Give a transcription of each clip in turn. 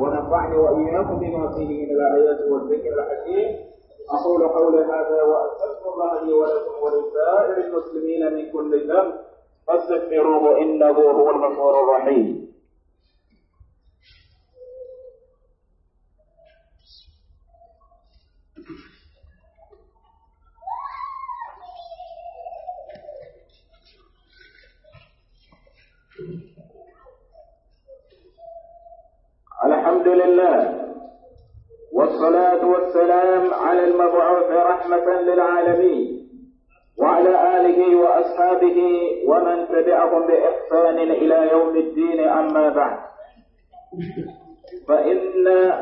ونفعني وإياكم بما فيه من الآيات والذكر الحكيم أقول قولي هذا وأستغفر الله لي ولكم ولسائر المسلمين من كل ذنب فاستغفروه إنه هو الغفور الرحيم الحمد لله والصلاة والسلام على المبعوث رحمة للعالمين وعلى آله وأصحابه ومن تبعهم بإحسان إلى يوم الدين أما بعد فإن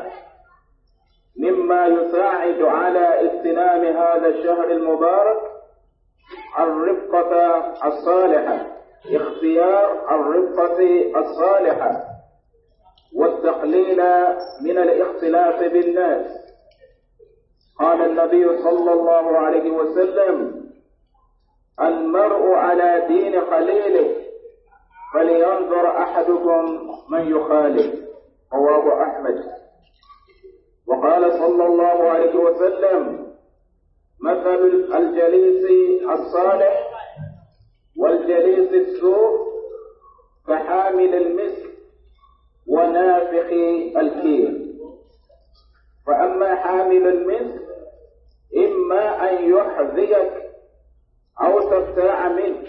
مما يساعد على اغتنام هذا الشهر المبارك الرفقة الصالحة اختيار الرفقة الصالحة والتقليل من الاختلاف بالناس قال النبي صلى الله عليه وسلم المرء على دين خليله فلينظر أحدكم من يخالف رواه أحمد وقال صلى الله عليه وسلم مثل الجليس الصالح والجليس السوء كحامل المسك ونافخ الكير فأما حامل المسك إما أن يحذيك أو تبتاع منك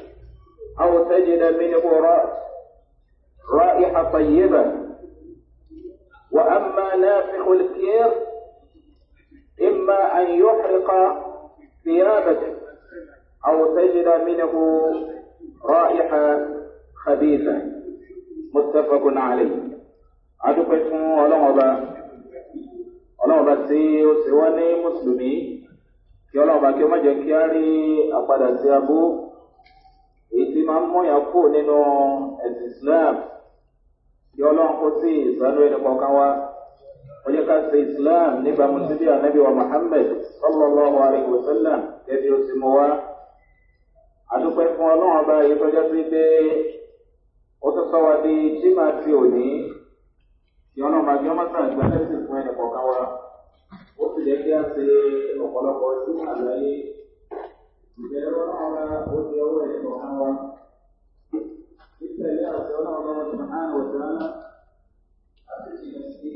أو تجد منه رأس رائحة طيبة وأما نافخ الكير إما أن يحرق ثيابك أو تجد منه رائحة خبيثة متفق عليه adúpẹ́ fún ọlọ́run ọba ọlọ́run ọba tí ó ti wá ní mùsùlùmí kí ọlọ́run ọba kí ó má jẹ́ kí á rí àpadà sí abó èyí tí máa ń mọ̀yàn kú nínú ẹ̀sìn islam kí ọlọ́run kó sí ìsánú ẹni kọ̀ọ̀kan wa ó yẹ ká ṣe islam níbàámu sí bí wa muhammed sallallahu alayhi wa sallam gẹ́gẹ́ ó ti mọ wá adúpẹ́ fún ọlọ́run ọba èyí tó jẹ́ sí pé ó tún wa di jimá ti òní kí ọlọ́run àjọ mọ́tà ìgbà lẹ́sìn fún ẹnì kọ̀ọ̀kan wa ó sì jẹ́ kí a ṣe ọ̀pọ̀lọpọ̀ sí àlàyé ìbẹ̀rẹ̀ ọlọ́run ó di ọwọ́ ẹnì kọ̀ọ̀kan wa títẹ̀lé àti ọlọ́run ọmọ sùnmọ́hán ọ̀sán láti jìnà sí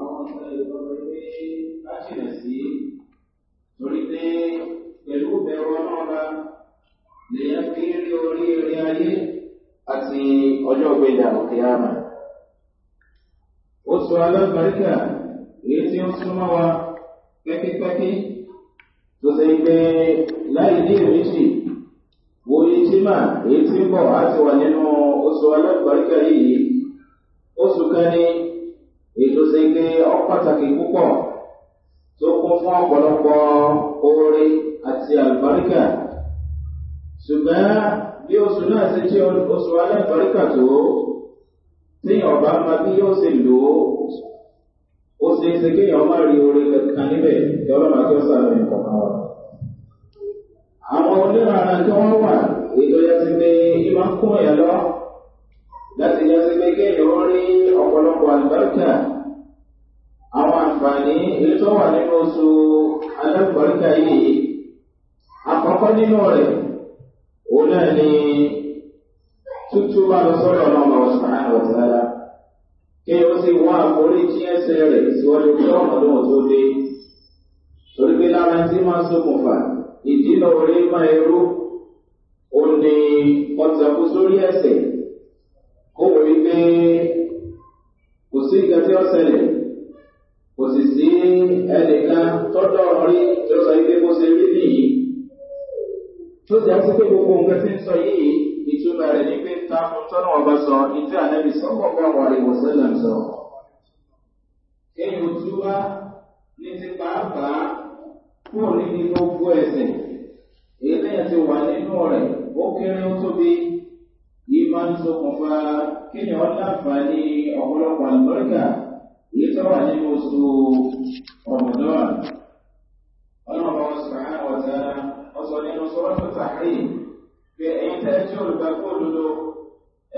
àwọn ọ̀sán ìgbọ̀nrẹ́ pé ká jìnà sí torí pé pẹ̀lú ìbẹ̀rù ọlọ́run lèyàn fi ń rí orí eré ayé àti ọjọ́ ìgbéyàwó kìí àmà ó sọ alágbàríkà èyí tí ó súnmọ́ wa pẹ́kípẹ́kí tó ṣe pé láì ní ìrísí orí tímà èyí tí ń bọ̀ á ti wà nínú oṣù alágbàríkà yìí oṣù kan ní èyí tó ṣe pé ọ pàtàkì púpọ̀ tó kún fún ọ̀pọ̀lọpọ̀ oore àti àlùbáríkà ṣùgbọ́n bí oṣù náà ṣe jẹ́ oṣù alágbàríkà tó téèyàn ọba máa bí yóò ṣe lò ó ó ṣe é ṣe kéèyàn má rí orí kankan níbẹ̀ tí ọlọ́run àti ọ̀sán rẹ̀ kọ̀ọ̀kan wà. àwọn onírà tí wọ́n wà ètò yẹsí pé ìmọ̀ ń kún ẹ̀yà lọ láti yẹsí pé kéèyàn ó rí ọ̀pọ̀lọpọ̀ àlùbáríkà àwọn àǹfààní èyí tó wà nínú oṣù alábàríkà yìí àkọ́kọ́ nínú rẹ̀ òun náà ni. tutu bá lọ sọ́dọ̀ ọlọ́mọ ọ̀sán àwọ̀tálá kí o sì wá àforíjì ẹsẹ̀ rẹ̀ síwájú pé ọ̀nà lóhùn tó dé torí pé lára tí máa ṣokùnfà ìdílọ orí máa ẹrú ó ní ọ̀tàkù sórí ẹsẹ̀ kó wò ní pé kò sí ìgbà tí ó ṣẹlẹ̀ kò sì sí ẹnìkan tọ́jọ́ rí tí ó sọ pé ìtumọ̀ rẹ̀ ní pé ta fún tọ́nà ọba sọ ìtí ànẹ́bì sọ́kọ̀ọ̀kọ̀ àwọn àríwọ̀ sẹ́lẹ̀ sọ. Kéyìn ojú wá ní ti pàápàá kúrò níbi gbogbo ẹ̀sìn. Èyí lẹ́yìn ti wà nínú rẹ̀, ó kéré ó tóbi. Yìí máa ń sokùnfà kéèyàn láǹfààní ọ̀pọ̀lọpọ̀ àlùbọ́ríkà èyí tó wà nínú oṣù ọ̀mọ̀dọ́wà. Ọlọ́run ọ̀sán àwọn ọ̀tá ọ̀sán nínú sọ́rọ́ tó tàkìrì pé ẹ̀yin tẹ́lẹ̀ tí olùgbàgbọ́ òdodo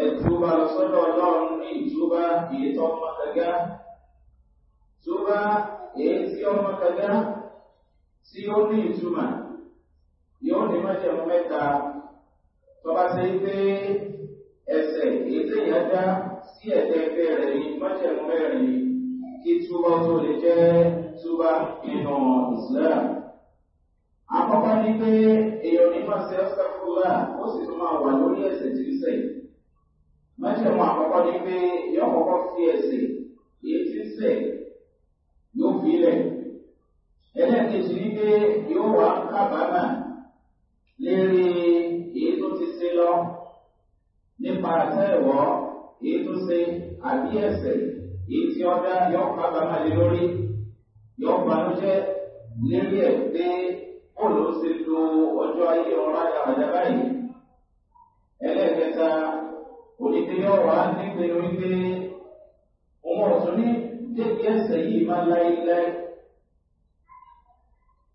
ẹ̀tùbà lọ́sọ́dọ̀ ọlọ́run ní ìtúbà èyí tó ọmọ kẹgá túbà èyí tí ọmọ kẹgá tí ó ní ìtumà yóò ní mọ́jẹ̀mú mẹ́ta tọ́ba ṣe pé ẹsẹ̀ èyí tẹ̀yà dá sí ẹ̀dẹ́ ẹgbẹ́ rẹ̀ ní mọ́jẹ̀mú mẹ́rin kí túbọ̀ tó lè jẹ́ túbà nínú ìsìláàmù. àkọ́kọ́ ní pé èèyàn nípa ṣe ọ́sẹ̀kúlá ó sì tún máa wà lórí ẹ̀sẹ̀ tí ń sẹ̀ mẹ́jẹ̀mọ́ àkọ́kọ́ ní pé yọ kọ́kọ́ fi ẹ̀sẹ̀ èyí tí ń sẹ̀ yóò fi lẹ̀ ẹlẹ́ẹ̀kejì ní pé yóò wá kábàámà lérí èyí tó ti ṣe lọ nípa àtẹ́wọ́ èyí tó bó ló ṣe lo ọjọ́ ayé ọ̀rá àgbàdá báyìí ẹlẹ́ẹ̀kẹta onídé ọ̀rá nípinnu wípé òun ọ̀tún ní débi ẹsẹ̀ yìí máa láéláé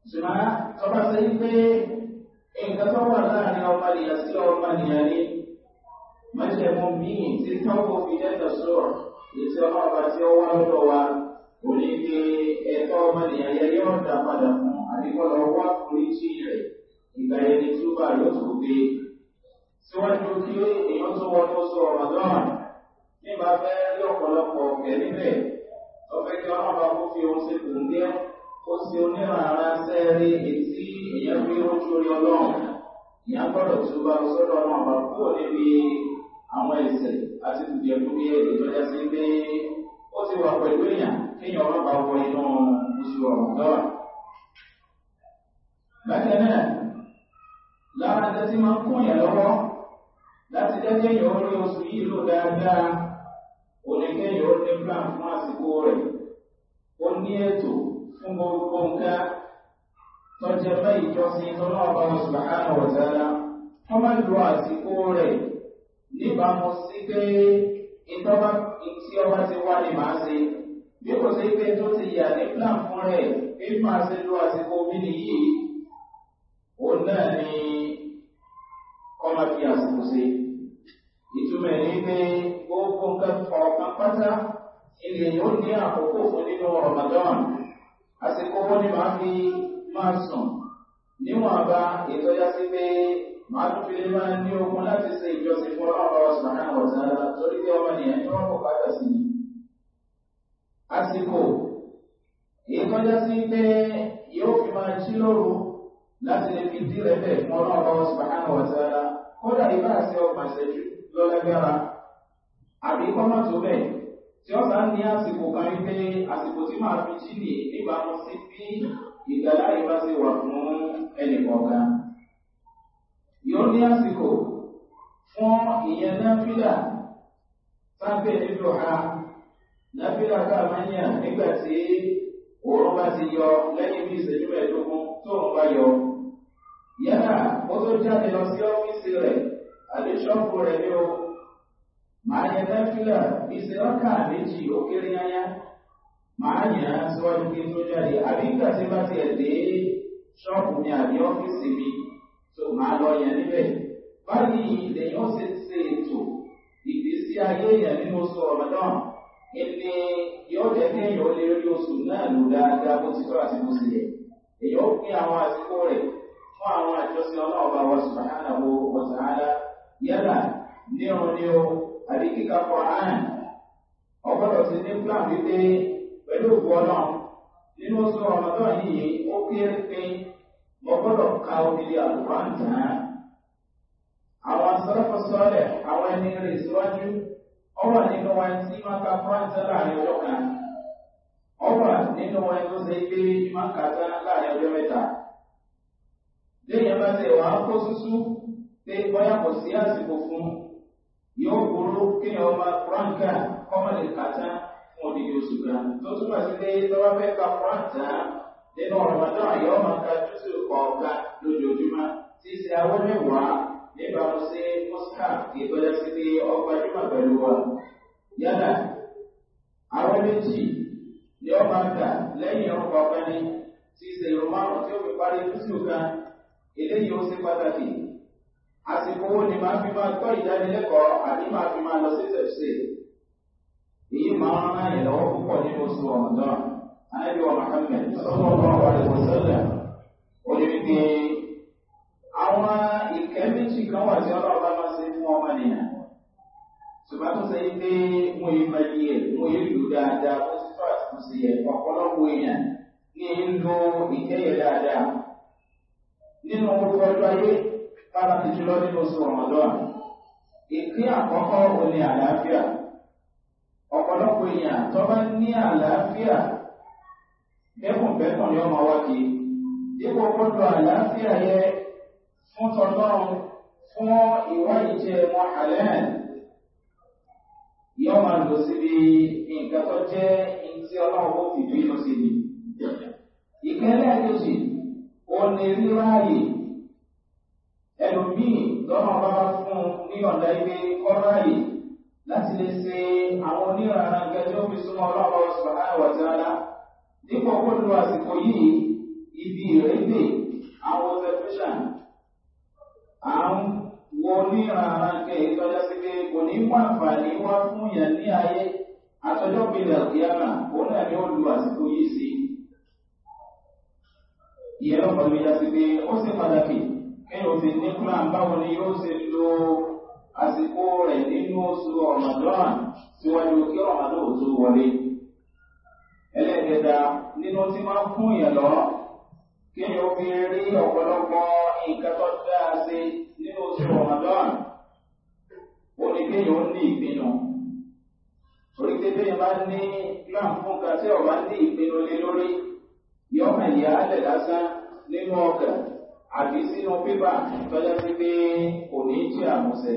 ṣùgbọ́n tọ́ba ṣe pé nǹkan tó wà láàrin ọmọnìyàn sí ọmọnìyàn ni májẹ̀mú míì tí tọ́wọ́ fi jẹ́tọ̀ sọ̀rọ̀ ètò ọmọ ọba tí ó wá lọ́dọ̀ wa onídé ẹ̀tọ́ ọmọnìyàn yẹ yọ̀ padà àdìgbọ́dọ̀ wá oríṣi rẹ̀ ìgbà yẹn ni túbà yóò tó gbé síwájú kí èèyàn tó wọ́n tó sọ ọ̀rọ̀ náà nígbà fẹ́ rí ọ̀pọ̀lọpọ̀ ọ̀gẹ̀ níbẹ̀ ọ̀fẹ́ kí ọlọ́run bá kó fi ohun ṣe kò ń gẹ́ ó ṣe onírànra sẹ́ẹ̀rí etí èèyàn fi ojú rí ọlọ́run ìyá gbọ́dọ̀ túbà sọ́dọ̀ ọlọ́run bá kúrò níbi àwọn ẹ̀sẹ̀ àti kùdìẹ̀kùdìẹ̀ ìjọba sí pé ó ti wà pẹ̀lú èèyàn kéèyàn ọlọ́pàá wọ inú oṣù ọ̀gá bákan náà lára ẹ̀dẹ́ tí máa ń kún yẹn lọ́wọ́ láti dẹ́jẹ́ yẹn ó rí oṣù yìí lò dáadáa ó lè kẹ́yìn ó ní plan fún àsìkò rẹ̀ ó ní ètò fún gbogbo nǹkan tọ́jẹ́ fẹ́ ìjọsìn tọ́lá ọba oṣù àánú ọ̀tẹ́lá wọ́n máa lo àsìkò rẹ̀ òun náà ni ọmọ fi àsìkò sí ìtumẹ̀ ní pé ó kún ọ̀kan pátá ilẹ̀ yóò ní àkókò fún nínú ramadan àsìkò wọn ni máa fi máa sùn níwọ̀n bá ètò yá sí pé máa tún fi lè máa ní okun láti ṣe ìjọsìn fún ọlọ́run ọ̀rọ̀ sùn àwọn ọ̀sán torí pé ọmọ nìyẹn ní wọ́n kò pátá sí ni àsìkò èyí tó yá sí pé yóò fi máa jí lóru láti lè fi dí rẹ̀ bẹ̀ fún ọlọ́run subhanahu wa ta'ala kódà ibà sí ọgbà ìṣẹ́jú lọ́lẹ́gbẹ́ra àbí kọ́nà tó bẹ̀ tí ó sá ní àsìkò kan pé àsìkò tí máa fi jí nì níbàámu sí bí ìgbàlá ibà sí wà fún ẹnì kọ̀ọ̀kan yóò ní àsìkò fún ìyẹn náfìlà sábẹ̀ nílò ha náfìlà káàmánìyà nígbà tí òórùn bá ti yọ lẹ́yìn bí ìṣẹ́jú mẹ́ẹ̀ẹ́dógún tó ń bá yọ yẹ́rà ó tó jáde lọ sí ọ́fíìsì rẹ̀ alẹ́ rẹ̀ ní o máa yẹ nẹ́fílà bí ṣe ọ́kà méjì ó kéré yányá máa yẹ síwájú kí tó jáde àbí ìgbà tí bá tiẹ̀ dé ṣọ́pù mi àbí ọ́fíìsì mi tó máa lọ yẹn níbẹ̀ báyìí lèyìn ó sì ṣe ètò ìgbésí ayé yẹn nínú oṣù ọ̀mọdán ẹni yóò jẹ́ kí èèyàn lè rí oṣù náà lò dáadáa bó ti tọ́ àti bó ti yẹ èèyàn ó pín àwọn àsìkò rẹ̀ fún àwọn àjọsí ọlọ́ọ̀bá wa sùpàánà wo wọ̀sàánà yálà ní ọ̀run ní o àbí kíkà kọ àrùn ọgbọ́dọ̀ ti ní plan wípé pẹ̀lú òkú ọlọ́run nínú oṣù ọmọdún yìí ó kéré pé mo ka òkèlè àlùkàn tán àwọn àwọn ẹni síwájú ọwọ́ nínú wa máa ka láàrin ọjọ́ kan ọwọ́ nínú wa ṣe gbé máa láàrin ọjọ́ léèyàn bá tẹ̀ wá kó súsú pé bọ́yá kò sí àsìkò fún yóò burú kéèyàn ọmọ kúránkà kọ́mọ̀lì kàtá fún òdìdí oṣù kan tó túmọ̀ sí pé tọ́wọ́ fẹ́ ka kúrántà nínú ọ̀rọ̀ mọ́tò àyọ̀ ọmọ ká tútù ọ̀gá lójoojúmọ́ tí ṣe awọ́ mẹ́wàá níbàámu sí mọ́síkà kì í bọ́já sí pé ọgbàjúmọ̀ pẹ̀lú wa yálà àwọn méjì ni ọmọ àgbà lẹ́yìn ọkọ̀ ọ̀gbẹ́ni tí ṣe ìrùmárùn tí ó fi parí tútù kan eléyìí ó ṣe pàtàkì àsìkò wo ni máa fi máa tọ́ ìdánilẹ́kọ̀ọ́ àbí máa fi máa lọ sí ṣẹ̀ṣẹ̀ èyí máa ń rán ìlọ́wọ́ púpọ̀ nínú oṣù ọ̀mọ̀dán anábì wa mohammed sọ́kọ̀ ọ̀pọ̀ àwọn àdìgbò sọ́dà ó ní wípé àwọn ìkẹ́ méjì kan wà tí ọlọ́run bá máa ṣe fún ọmọ ṣùgbọ́n tó pé mo yí yí ẹ̀ nínú gbogbo ọjọ́ ayé pàtàkì jùlọ nínú oṣù ọ̀mọ̀lọ́wà. Ìpín àkọ́kọ́ ò ní àlàáfíà. Ọ̀pọ̀lọpọ̀ èèyàn tó bá ní àlàáfíà bẹ́kùn bẹ́kùn ni ọmọ wá kí. Dípò gbọ́dọ̀ àlàáfíà yẹ fún tọ́lọ́run fún ìwá ìjẹ mọ́ àlẹ́hàn. Yọ́ máa lò síbi nǹkan tó jẹ́ ìtí ọlọ́run ó fi bí lọ sí ni. Ìpínlẹ̀ kejì ó ní ríráàyè ẹlòmíì lọ́nà bá bá fún ní ọ̀dà ilé kọ́ráàyè láti lè ṣe àwọn onírànà gẹjọ́ fi súnmọ́ ọlọ́wọ́ sọ̀hánà wàjára dípò kó lu àsìkò yìí ibi ìrédè àwọn tẹlifíṣàn à ń wo onírànà gẹ ìtọ́jà sí pé kò ní mú àǹfààní wá fún yẹn ní ayé àtọ́jọ́ gbélé àkíyàmà òun náà ni ó lu àsìkò yìí sí i ìyẹn ọ̀pọ̀ ló yá sí pé ó sì pàtàkì kẹ́yìn òsì ní plan báwo ni yóò ṣe lo àsìkò rẹ̀ nínú oṣù ọ̀màdọ́ràn síwájú kí ọ̀màdọ́ ò tó wọlé. ẹlẹ́ẹ̀kẹta nínú tí máa ń fún yẹn lọ kẹ́yìn ó fi rí ọ̀pọ̀lọpọ̀ nǹkan tó dáa sí nínú oṣù ọ̀màdọ́ràn ó ní kẹ́yìn ó ní ìpinnu torí pé bẹ́ẹ̀ bá ní plan fún ọ̀bá ní ìpinnu lé lórí yọ̀ọ́ mẹ̀lẹ́ alẹ̀ lásán. nínú ọkà àbí sínú pépà tọ́já sí pé kò ní jí àmúṣe.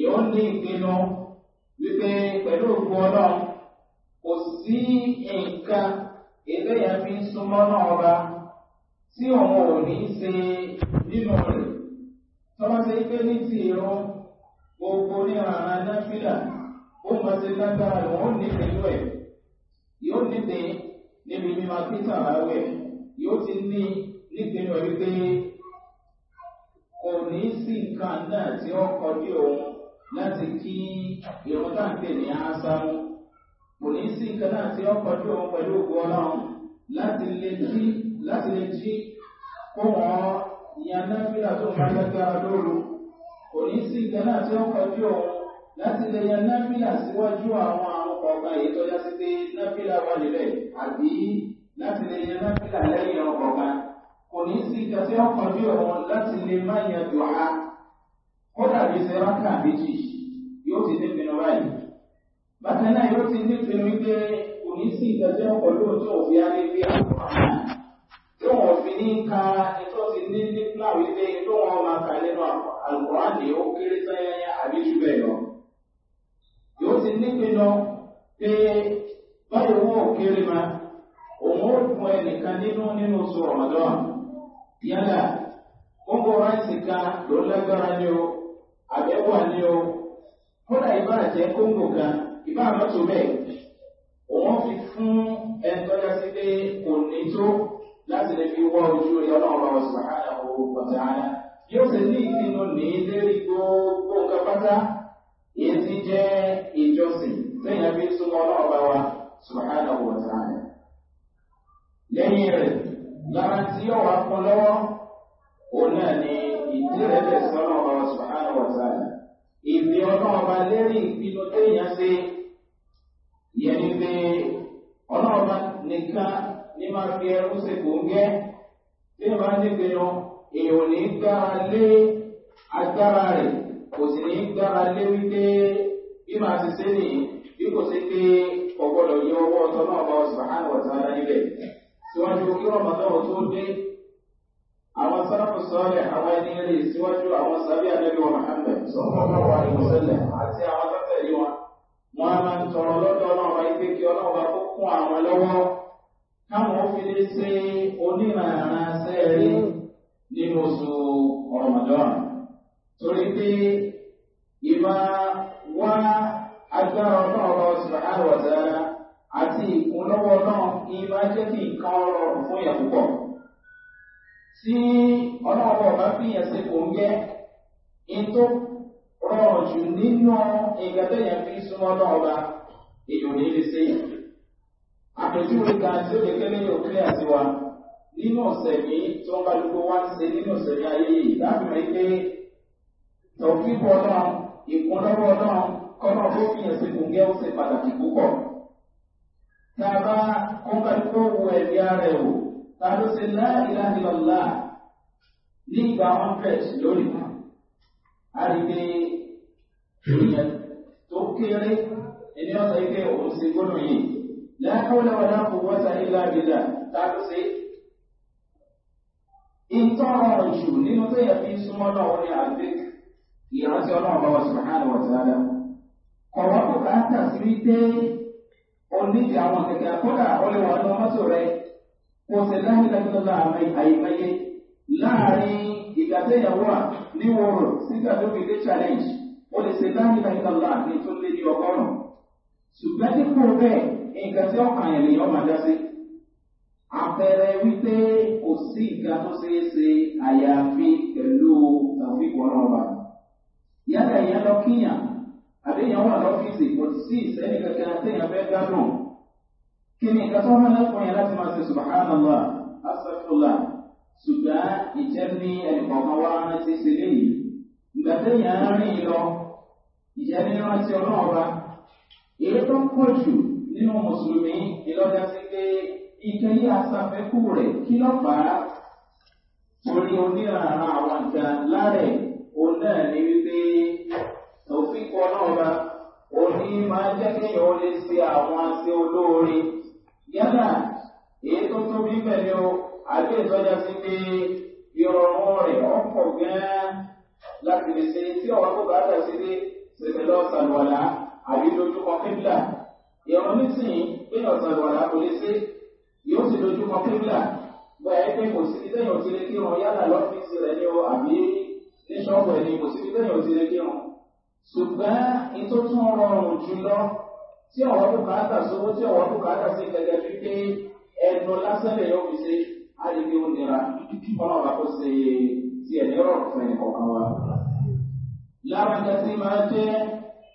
ìyọ́n ní ìpinnu wípé pẹ̀lú òkú ọlọ́run kò sí nǹkan eléyà fi ń súnmọ́ náà ọba tí òun ò ní ṣe nínú rẹ̀ tọ́ba ṣe pé ní ti gbogbo náfìlà ó sí lágbára lòun ní pẹ̀lú ẹ̀ ní níbi yóò ti ní nípinnu ẹ̀ wípé kò ní sí nǹkan náà tí ó kọjú òun láti kí irun tá à ń pè ní ásámú kò ní sí nǹkan náà tí ó kọjú òun pẹ̀lú ògùn ọlọ́run láti lè jí láti lè jí kó wọ́n yan náfìlà tó máa lágbára lóru kò ní sí nǹkan náà tí ó kọjú òun láti lè yan náfìlà síwájú àwọn àwọn ọ̀gá èyí tó pé náfìlà wà nílẹ̀ àbí láti lè yan náfìlà lẹ́yìn ọkọ̀ kan kò ní sí ìjọ tí wọ́n kọjú ẹ̀wọ̀n láti lè má yan dùhà ó dàbí sẹ́ráka méjì yóò ti ní pinnu báyìí bákan náà yóò ti ní pinnu wípé kò ní sí ìjọ tí wọ́n kọjú ojú òfin alẹ́ bí àwọn yóò ti ní pinnu pé báyìí wọ́n ò máa. òun ó fún ẹnìkan nínú nínú oṣù ramadan yálà kókó ráìsì kan ló lágbára ni o àbẹ̀wà ni o kódà ìbá kóńgò kan ìbá àmọ́tò òun fi fún sí pé kò ní tó láti lè fi wá ojú ọlọ́run ọ̀rọ̀ sàhánà owó pàtà yóò ní ìpinnu lérí gbogbo nǹkan pátá èyí ti jẹ́ ìjọsìn ọlọ́run wa lẹ́yìn rẹ̀ lára tí ó wà pọ̀ lọ́wọ́ òun náà ni ìdí rẹ̀ lẹ̀ sọ́nà ọba ṣùgbọ́n ọ̀tá ìfi ọba ọba nìkan ní fi gẹ́ agbára rẹ̀ kò sì ní gbára lé wípé bí ti nìyí bí kò sí pé ọgbọ́dọ̀ síwájú kí rọmọdán ò tó dé àwọn sáráfù sọ́ọ̀lẹ̀ àwọn ẹni rè síwájú àwọn sábẹ́ àdẹ́bí wọn mohammed sọ́kọ́kọ́ wà àti àwọn tọ́tẹ̀lé wọn wọn a máa ń tọrọ lọ́dọ̀ ọlọ́run bá gbé kí ọlọ́run bá kó kún àwọn lọ́wọ́ káwọn fi wá agbára àti ìkúnlọ́wọ́ náà ní máa jẹ́ kí nǹkan ọrọ̀rùn fún yẹn púpọ̀. Tí ọlọ́ọ̀bọ̀ bá fìyàn sí kò ń gẹ́, in tó rọrùn jù nínú nǹkan tó yẹn fi súnmọ́ lọ́ọ̀ba, èyí ò ní lè ṣe yẹn. Àpèjúwe kan tí ó lè kélé yóò kílẹ̀ sí wa nínú ọ̀sẹ̀ yìí tí wọ́n bá lùkọ́ wá ń ṣe nínú ọ̀sẹ̀ ní ayé yìí láti rí pé náà ìkúnlọ́wọ́ náà kọ́nà tó fìyàn sí kò ń gẹ́ ó ṣe pàtàkì púpọ̀ tàbá kọ́kàtúkọ́ wo ẹ̀yà rẹ̀ wò tàbí ṣe láìlá ìlọ́lá ní ìgbà hundred lórí kan àdìgbé ìyẹn tó kéré ẹni ọ̀sẹ̀ ike òun ṣe gbọ́dọ̀ yìí láàkọ́lẹ̀ wà láàkó wọ́sà ìlà ìlà tàbí ṣe ìtọ́ ọ̀rọ̀ jù nínú tó yẹ fi súnmọ́ náà wọ́n ní àgbẹ̀ ìrántí ọlọ́run bá wà sùn hàn wọ̀ sí onídìí àwọn kẹ̀kẹ́ àkọ́dà ọlẹ́wà ní ọmọ́sọ̀ rẹ kò sì láyé lẹ́gbẹ̀lá àìmọye láàrin ìgbà téèyàn wà ní wòrò sígbà tó fi dé challenge ó lè ṣe láyé lẹ́gbẹ̀lá ní tó lé ní ọgọ́rùn-ún ṣùgbọ́n dípò bẹ́ẹ̀ nǹkan tí ọkàn yẹn lèyàn máa dá sí àpẹẹrẹ wípé kò sí ìgbà tó ṣeé ṣe àyàfi pẹ̀lú tàbí ìwọ̀n ọba yálà ìyẹn lọ kíyàn àbíyàn wà lọ́fíìsì kò sí ìsẹ́ni kankan tí èèyàn fẹ́ kí ni nǹkan tó wọ́n yẹn láti máa ṣe subhanallah astaghfirullah ṣùgbọ́n ìjẹ́ ní ẹnìkọ̀ọ̀kan wá rántí ṣe léyìí ìgbà téèyàn rìn lọ ìjẹ́ n'asị rántí ọlọ́run ọba èyí tó pọ̀ jù nínú mùsùlùmí ìlọ́jà sí pé ike yí rẹ̀ kí ló fà á torí àwọn òun náà ní wípé òfin kọ náà bá òní máa jẹ́ kéèyàn ó lè ṣe àwọn àṣẹ olóore yálà èyí tó tóbi pẹ̀lú àbí ìtọ́jà sí pé ìrọ̀rùn rẹ̀ ọ̀pọ̀ gan-an láti lè ṣe tí ọ̀rọ̀ kò bá dà sí pé ṣẹ̀ṣẹ̀ lọ sàlùwàlà àbí dojúkọ kébìlà ìrọ̀rùn nísìnyí pé ọ̀sàlùwàlà kò lè ṣe yóò sì dojúkọ kébìlà bóyá ẹgbẹ́ kò sí ní sẹ́yìn òtí lè kírun yálà lọ́fíìsì rẹ̀ ní o àbí ní ṣọ́ọ̀bù ẹ̀ ní kò sí ní sẹ́yìn òtí lè kírun ṣùgbọ́n ètò tún rọrùn jùlọ tí ọ̀rọ̀ bùkátà sówó tí ọ̀rọ̀ bùkátà sí gẹ́gẹ́ bí pé ẹnu lásán lè yọ fi ṣe àdìgbé onira kọ́nà bá kó ṣe ti ẹ̀mí rọrùn fún ẹnì kọ̀ọ̀kan wa. lára nǹkan tí máa jẹ́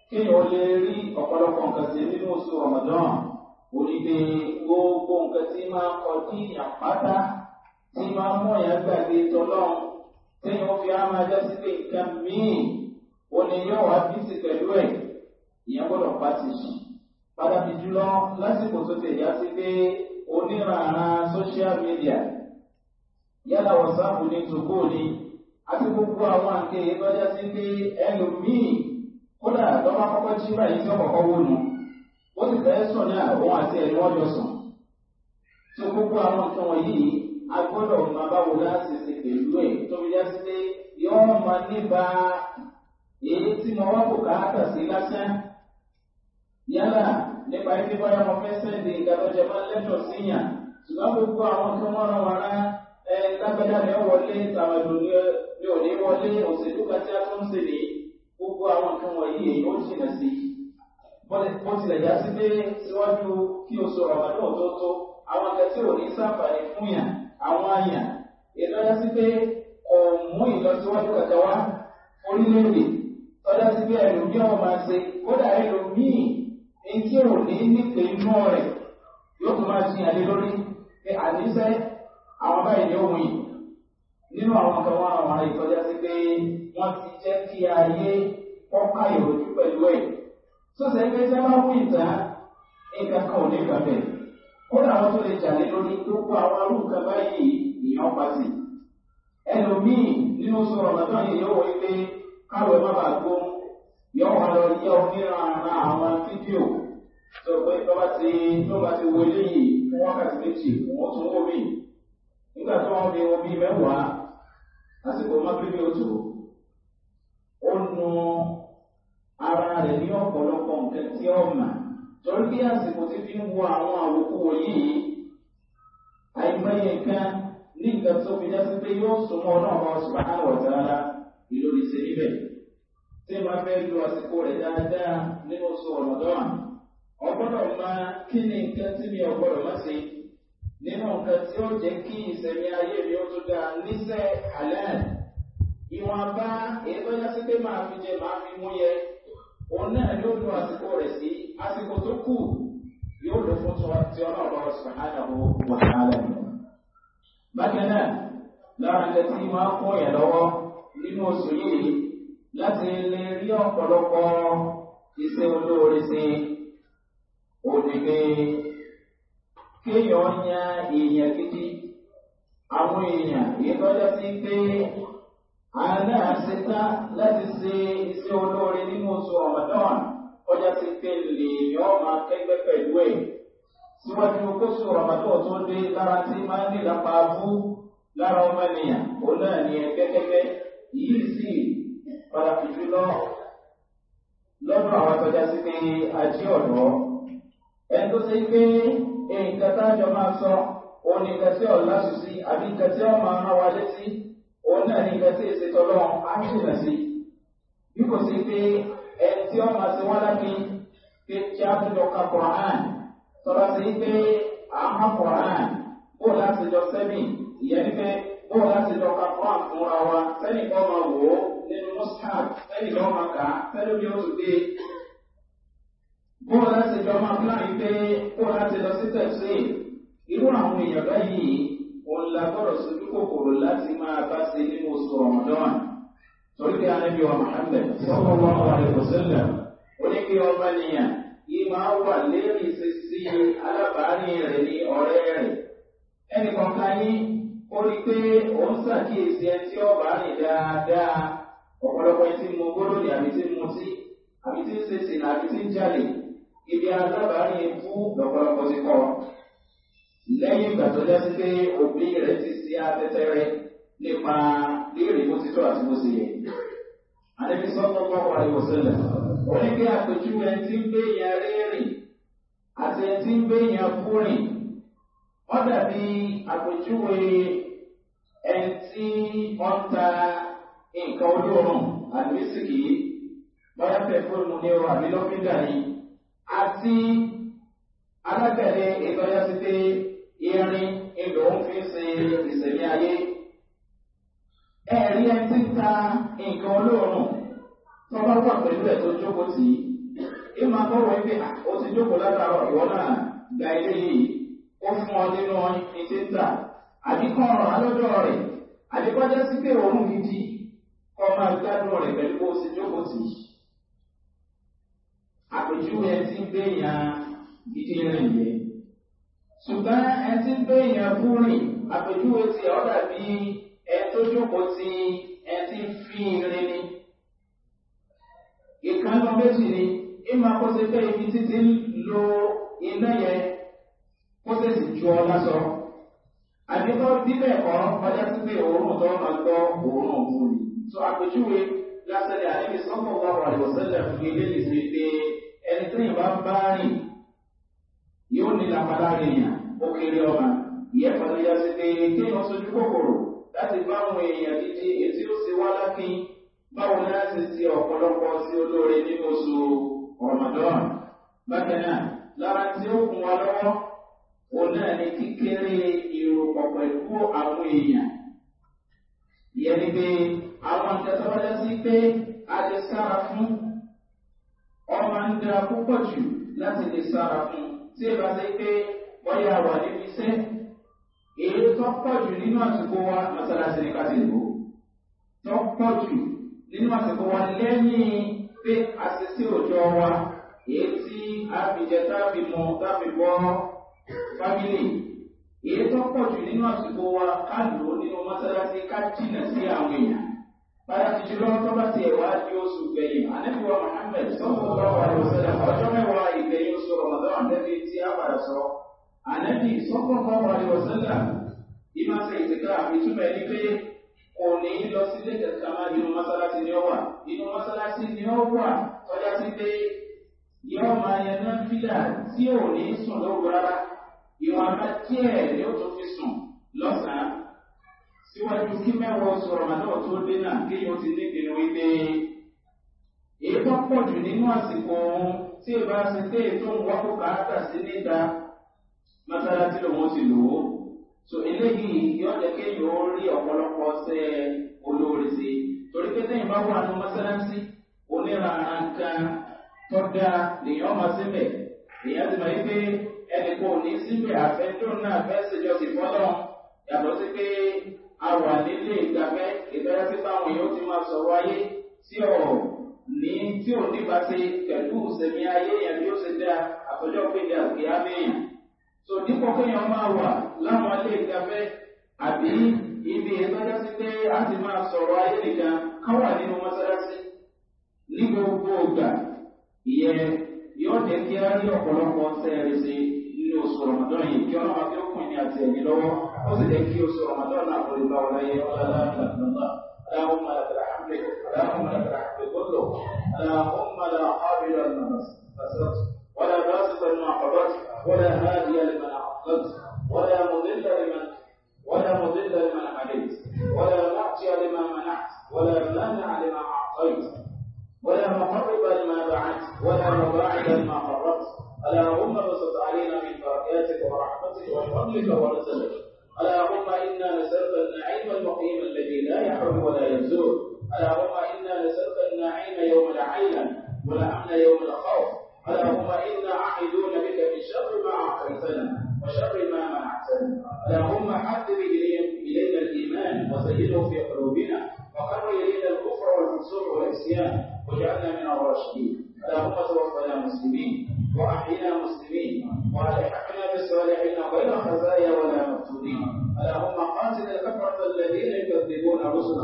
kéèyàn lè rí ọ̀pọ̀lọpọ̀ nǹkan sí nínú oṣù ramadan òní pé gbogbo nǹkan tí máa kọ ní àpáta tí máa mú ẹ̀yà gbàgbé tọ́lọ́run ó ní yóò wá bí ti pẹ̀lú ẹ̀ ìyẹn gbọ́dọ̀ pa ti sùn pàtàkì jùlọ lásìkò tó ti yá sí pé onírànà social media yálà wọ̀sáàpù ní tòkó ni àti gbogbo àwọn àǹkè ìtọ́já sí pé ẹlòmíì kódà lọ́wọ́ kọ́kọ́ jí báyìí tí ọkọ̀ wò nù ó sì fẹ́ sùn náà òun àti ẹ̀ ni wọ́n jọ sùn tó gbogbo àwọn nǹkan wọ̀nyí a gbọ́dọ̀ máa báwo láti ṣe pẹ̀lú ẹ̀ tó fi yá sí pé yọ́n máa níbàá èyí tí mo wá kò káàkà sí lásán yálà nípa ibi báyà mo fẹ́ sẹ́ndì ìdálọ́jẹ máa ń lẹ́tọ̀ síyàn ṣùgbọ́n gbogbo àwọn tó wọ́n rán wọn rá ẹ lágbájá rẹ̀ wọlé tàwàdù ní òní wọlé òṣèlú kan tí a tún ń ṣe ní gbogbo àwọn nǹkan wọ̀nyí èyí ó jìnà sí bó tilẹ̀ já sí pé síwájú kí o sọ̀rọ̀ àwọn náà tó tó àwọn nǹkan tí ò fún yàn àwọn àyàn èyí sí pé ọ̀mú ìlọsíwájú kàkà wá orílẹ̀-èdè tọ́jọ́ sí bí ẹ̀rù bí ọmọ máa ṣe kódà ẹ̀rù míì ní tí ò ní nípe inú rẹ̀ yóò tún máa ṣiyàn lé lórí pé àníṣe àwọn báyìí ni ó yìí nínú àwọn kan wá àwọn ará ìtọ́já sí pé wọ́n ti jẹ́ kí ayé kọ́ka ìròyìn pẹ̀lú ẹ̀ tó ṣe pé tí a bá ìta nǹkan kan ò ní kàn bẹ̀ kódà àwọn tó lè jà lé lórí tó kó àwọn arú báyìí ìyàn pa ẹlòmíì nínú sọ̀rọ̀ lọ́dọ̀ káwé má bàa gbó yọ wà lọ yẹ onírànà àwọn fídíò sọ pé lọ́ba ti lọ́ba ti wo eléyìí fún wákàtí méjì wọ́n tún wó mi nígbà tí wọ́n fi omi mẹ́wàá lásìkò mákìlì òtò ó nu ara rẹ̀ ní ọ̀pọ̀lọpọ̀ nǹkan tí ó mà torí bí àsìkò ti fi ń wo àwọn àwòkù wọ̀nyí àìmọye nǹkan ní nǹkan tó fi jásí pé yóò súnmọ́ ọlọ́run ọ̀ṣùpá àwọ̀tá rárá lè níbẹ̀. tí wọ́n fẹ́ lo àsìkò rẹ̀ dáadáa nínú oṣù ọ̀nàdọ́rà ọgbọ́dọ̀ máa kí ni nǹkan tí mi ọgbọ́dọ̀ má ṣe nínú nǹkan tí ó jẹ́ kí ìsẹ̀mí ayé mi ó tó dáa níṣẹ́ àlẹ́ ìwọ̀n bá èyí tó yá sí pé máa fi jẹ máa fi mú yẹ òun náà yóò lo àsìkò rẹ̀ sí àsìkò tó kù yóò lò fún tí ọlọ́ọ̀bá ọ̀sùn àdàbò wà á lẹ́nu. bákan náà lára nǹkan tí máa ń kó yẹn lọ́wọ́ nínú oṣù yìí láti lè rí ọ̀pọ̀lọpọ̀ iṣẹ́ olóore sí òdìgbé kéèyàn yan èèyàn gidi àwọn èèyàn yìí lọ́jọ́ sí pé àná àṣetá láti ṣe iṣẹ́ olóore nínú oṣù ọ̀mọ̀dán ọjà ti pé lèèyàn máa kẹ́gbẹ́ pẹ̀lú ẹ̀ síwájú kóṣù ọ̀mọ̀dán tó dé lára tí máa ń nílapa bú lára ọmọ ènìyàn òun náà ni ẹgbẹ́kẹ́gbẹ́ yìí sì pàtàkì jùlọ lọ́dún àwọn tọ́já sí pé ají ọ̀dọ́ ẹni tó ṣe pé nǹkan tájọ máa sọ òun ní nǹkan tí ọ̀la sùn sí àbí nǹkan tí ọ̀ma máa wá létí òun náà ní nǹkan tí èsì tọ́lọ́ á jìnà sí bí kò sí pé ẹni tí ọ̀ma ti wọ́n lábí pé kí á tún lọ ka quran tọ́lá sí pé àmọ́ quran bó láti jọ sẹ́mì ìyẹn ní bó láti lọ ka kọ́ àfúnra wa sẹ́yìn kan máa wò ó nínú mustard sẹ́yìn kan máa kà á sẹ́yìn bí ó ti dé. bó láti lọ máa plan pé bó láti lọ sí tẹ̀sí irú àwọn èèyàn báyìí òun la gbọ́dọ̀ sojú kòkòrò láti máa bá ṣe nínú oṣù ọ̀mọ̀dọ́n. torí pé anábì wa muhammed sọ́kọ́ wọn wà lẹ́kọ̀ọ́sẹ́lẹ̀ oníkè ọba nìyà yìí máa wà lérí ṣe sí alábàárìn rẹ̀ ní ọ̀rẹ́ rẹ̀ ẹnì kọ̀ọ̀kan yín ó rí pé òun ṣàkíyèsí ẹni tí ọba rìn dáadáa ọ̀pọ̀lọpọ̀ ẹni tí mo gbọ́dọ̀ ní àbí tí mo sí àbí tí ń ṣe sìnà àbí tí ń jalè ibi alábàárín ikú lọ́pọ̀lọpọ̀ ti kọ́ lẹ́yìn ìgbà tó jẹ́ sí pé òbí rẹ̀ ti ṣe afẹ́fẹ́rẹ́ nípa léèrè bó ti tọ́ àti bó ti yẹ. Àdébí sọ́kọ́ bá wà lè wọ̀sẹ̀lẹ̀. Ó ní kí àpèjúwe ẹni tí ń gbé yẹn rírìn àti ẹni tí ń gbé yẹn kúrìn wọ́n dàbí àpèjúwe ẹni tí wọ́n ta nǹkan olóòrùn àdìsíkì yìí bọ́yá pẹ̀fúrùmù ní ọrọ̀ àbí lọ́fíńdà yìí àti alágbẹ̀rẹ̀ ìtọ́já sí pé irin ìlò ń fi ṣe ìṣẹ̀lẹ̀ ayé. ẹ̀rí ẹni tí ń ta nǹkan olóòrùn tó bá wà pẹ̀lú ẹ̀ tó jókòó tì í. ìmọ̀ akọ́wé pé ó ti jókòó látara ọ̀rọ̀ náà gba ilé yìí ó fún ọ nínú ètè tà àdíkọ̀ ọ̀rọ̀ alọ́dọ̀ rẹ̀ àdíkọ́já sí pé òun gidi kọ́ máa gbádùn rẹ̀ pẹ̀lú bó ṣe jókòó tì í. àpèjúwe ẹ ti ń gbé èèyàn gidi rìn yẹ ṣùgbọ́n ẹ ti ń gbé èèyàn fún àpèjúwe ti ọ̀ dàbí ẹ tó jókòó ti ẹ fi irin ni. ìkànnì méjì ni ìmọ̀ àkọsílẹ̀ ibi títí lo iná yẹn kó sèṣì ju ọlá sọ. àdìgbò bíbẹ̀ kọ́ ọjà tí pé òórùn tó máa gbọ́ òórùn òun ni. sọ àpèjúwe lásẹ̀lẹ̀ àdébí sọ́kàn bá wà lọ́sẹ̀lẹ̀ fún ilé ìsìn pé ẹni tó yìnbá bá rìn yóò ní lápàdá èèyàn ó kéré ọmọ ìyẹn kan ló yá sí pé kéèyàn sojú kòkòrò láti bá àwọn èèyàn dídí ètí ó ṣe wá lápín báwo ni láti ṣe ọ̀pọ̀lọpọ̀ sí olóore nínú oṣù ọ̀mọ̀dọ́n bákan náà lára tí ó kún wa lọ́wọ́ òun náà ni kíkéré ìròpọ̀ pẹ̀lú àwọn èèyàn. ìyẹn ni pé àwọn ìtẹ́tọ́wọ́lẹ́ sí pé a lè sára fún ọmọ ń dira púpọ̀ jù láti lè sára fún tí ìbá sí pé bọ́yá wà níbi iṣẹ́ èyí tó pọ̀ jù nínú àsìkò wa mọ́sálásí ní kásìkò tó pọ̀ jù nínú àsìkò wa lẹ́yìn pé àṣìṣe òjò wa èyí tí a fi jẹ tá a fi fámìlì èyí tó pọ̀ jù nínú àsìkò wa ká lò ó nínú mọ́sálásí ká jìnà sí àwọn èèyàn pàtàkì jùlọ tó bá ti ẹ̀wà di oṣù gbẹ̀yìn ànábìwá muhammed sọ́kùnrin bá wà lọ́sẹ̀lẹ̀ ọjọ́ mẹ́wàá ìgbẹ̀yìn oṣù rọ̀mọ̀dọ́ àtẹ́bí tí a padà sọ ànábì sọ́kùnrin bá wà lọ́sẹ̀lẹ̀ ìmọ̀sẹ̀ ìtìká ìtumọ̀ ẹni pé kò ní lọ sílé kẹta máa nínú mọ́sálásí ni ó wà nínú mọ́sálásí ni ó wà tọ́já sí pé yọ́ọ́ máa yẹn náà fílà tí ò ní sùn lóru rárá ìwọ̀nba díẹ̀ ni ó tún fi sùn lọ́sàn-án síwájú kí mẹ́wọ́ sọ̀rọ̀ màdọ́ tó dé náà kí yóò ti nípinnu wípé èyí tó pọ̀ jù nínú àsìkò ohun tí ìbá ṣe dé tó ń wá kó kàákà sí níta mọ́sálásí lòun ti lò ó so eléyìí yóò jẹ́ kéèyàn ó rí ọ̀pọ̀lọpọ̀ ṣe olóore sí torí pé sẹ́yìn bá wà ní mọ́sálásí onírànà kan tó dáa lèèyàn ọmọ síbẹ̀ èèyàn ti mọ̀ wípé ẹnì kò ní síbẹ̀ àfẹ́tò náà fẹ́ ṣèjọ sí fọ́lọ́ yàtọ̀ sí pé a wà nílé ìgbàfẹ́ ìtọ́jú sí táwọn èèyàn ti máa sọ̀rọ̀ ayé tí ọ̀ ní tí ò ní bá ṣe pẹ̀lú ìsẹ̀mí ayé yẹn bí ó ṣe dá tó dípò kéèyàn máa wà ibi sí pé a ti máa ayé nìkan nínú mọ́sálásí ní gbogbo ìgbà ìyẹn yóò jẹ́ kí á rí sí i. inú oṣù ramadan yìí kí ọlọ́run àti ọkùnrin àti ẹ̀mí lọ́wọ́ ó sì jẹ́ kí oṣù ramadan náà kò lè bá wọn láyé ọlọ́lá ìlànà اللهم لا ترحمني اللهم لا ترحمني كله اللهم لا قابل لما فسرت ولا باسط لما قبضت ولا هادي لمن أحببت اللهم قاتل الكفرة الذين يكذبون الرسل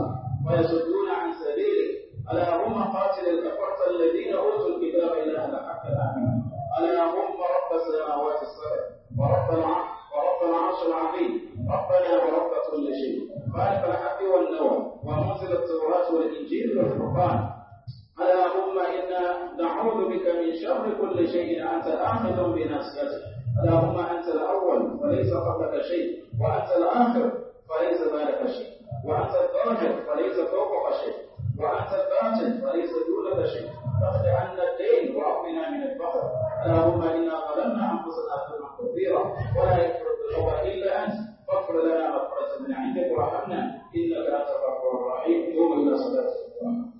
ويصدون عن سبيلك اللهم قاتل الكفرة الذين أوتوا الكتاب إلا أن حق آمين اللهم رب السماوات السبع ورب العرش كل شيء أنت آخذ بناصيته اللهم أنت الأول وليس قبلك شيء وأنت الآخر فليس بعدك شيء وأنت الظاهر فليس فوقك شيء وأنت الباطن فليس دونك شيء فاخذ عنا الدين وأغننا من الفقر اللهم إنا ظلمنا أنفسنا ظلما كثيرا ولا يغفر الذنوب إلا أنت فاغفر لنا مغفرة من عندك وارحمنا إنك أنت الغفور الرحيم الناس إلى صلاتك